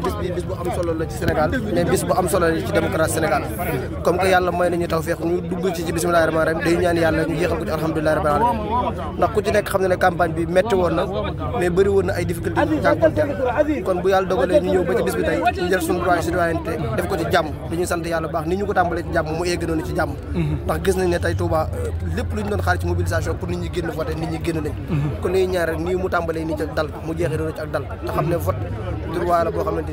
bis bi bis bu am solo la ci Sénégal mais bis bu am solo la ci démocratie Sénégal comme que yàlla may nañu taw feex ñu dugg ci ci bismillahi rahmaani rahim day ñu yéexal ko ci alhamdulilahi rabbil alamin ndax ku ci nekk xam ne ne campagne bi kon bu yàlla dogalee ñu ñëw ba ci bis bi tey ko ci jàmm dañuy sant yàlla baax ni ñu ko tàmbalee ci jàmm mu egg noonu ci jàmm ndax gis ne tey Touba euh, lépp lu ñu doon xaar ci pour nit ñi génn voté nit ñi génn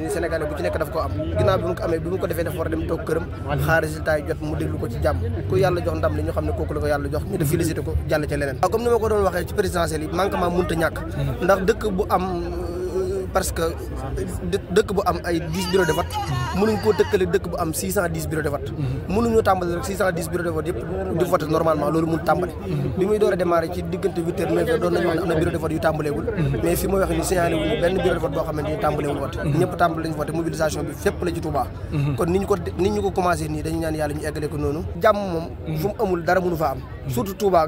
xamante ni ci nekk daf ko am ginnaaw bi mu amee bi mu defee dafa war a dem toog këram xaar résultat yi jot mu déglu ko ci jàmm ku yàlla jox ndam li ñu xam ne kooku ko yàlla jox ñu def félicité ko jàll ca leneen comme ni ma ko doon waxee ci présidentielle yi manquement mënta ñàkk hmm. ndax dëkk bu am parce que dëkk bu am ay dix bureaux de vote mënuñ koo tëkkale dëkk bu am six cent dix bureaux de vote mënuñoo tàmbali rek six cent dix bureaux de vote yëpp di vote normalement loolu mun tàmbali bi muy door a démarré ci diggante huit ni signalé benn bureau de vote boo xamante ni tàmbaleegul vote ñëpp tàmbale lañu vote mobilisation bi fépp la ci Touba kon ni ñu ko ni nii dañu ñaan yàlla ñu eggale ko noonu jàmm moom fu amul dara mënu fa am surtout Touba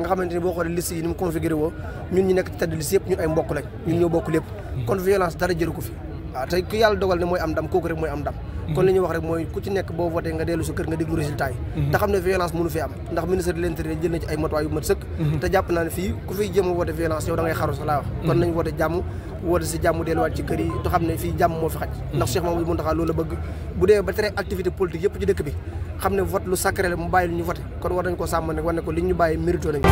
dara jëru ko fi waaw te ku yàlla dogal ne mooy am ndam kooku rek mooy am ndam kon li ñuy wax rek mooy ku ci nekk boo voté nga dellu sa kër nga déglu résultat yi te xam ne violence mënu fi am ndax ministre de l'intérieur jël na ci ay matuwaay yu mat sëkk te jàpp naa ne fii ku fiy jéem a voté violence yow da ngay xaru sa laa wax kon nañ voté jàmm woote si jàmm delluwaat ci kër yi te xam ne fii jàmm moo fi xaj ndax Cheikh Mamadou Mountakha loolu la bëgg bu dee ba tere activité politique yëpp ci dëkk bi xam ne vote lu sacré la mu bàyyi lu ñu voté kon war nañ ko sàmm ne war ne ko li ñu bàyyi mérito nañ